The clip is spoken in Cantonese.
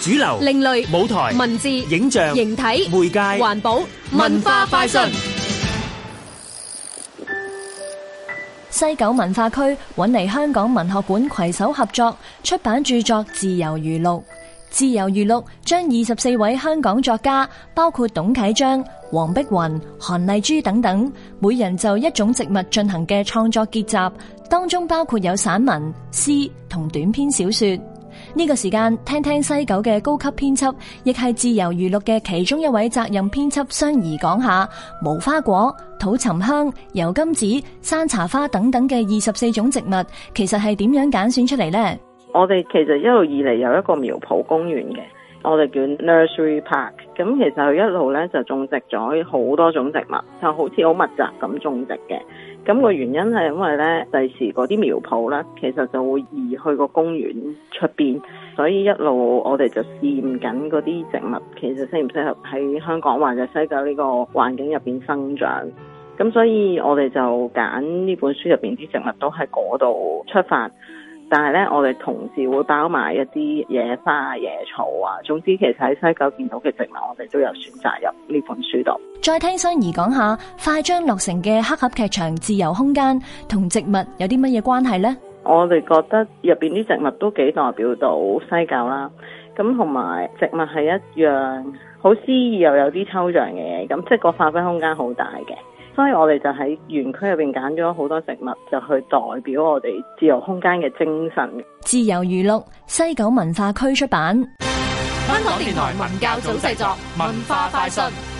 主流、另類舞台、文字、影像、形體、媒介、環保、文化快訊。西九文化區揾嚟香港文學館攜手合作出版著作《自由娛樂》。自由娛樂將二十四位香港作家，包括董啟章、黃碧雲、韓麗珠等等，每人就一種植物進行嘅創作結集，當中包括有散文、詩同短篇小說。呢個時間聽聽西九嘅高級編輯，亦係自由娛樂嘅其中一位責任編輯，相宜講下無花果、土沉香、油甘子、山茶花等等嘅二十四種植物，其實係點樣揀選出嚟呢？我哋其實一路以嚟有一個苗圃公園嘅。我哋叫 Nursery Park，咁其實佢一路咧就種植咗好多種植物，就好似好密集咁種植嘅。咁個原因係因為咧，第時嗰啲苗圃咧，其實就會移去個公園出邊，所以一路我哋就試驗緊嗰啲植物其實適唔適合喺香港或者西九呢個環境入邊生長，咁所以我哋就揀呢本書入邊啲植物都喺嗰度出發。但係咧，我哋同時會包埋一啲野花、野草啊，總之其實喺西九見到嘅植物，我哋都有選擇入呢本書度。再聽新怡講下快將落成嘅黑盒劇場自由空間同植物有啲乜嘢關係呢？我哋覺得入邊啲植物都幾代表到西九啦，咁同埋植物係一樣好詩意又有啲抽象嘅嘢，咁即係個發揮空間好大嘅。所以我哋就喺園區入邊揀咗好多食物，就去代表我哋自由空間嘅精神。自由娛樂，西九文化區出版，香港電台文教組製作，文化快訊。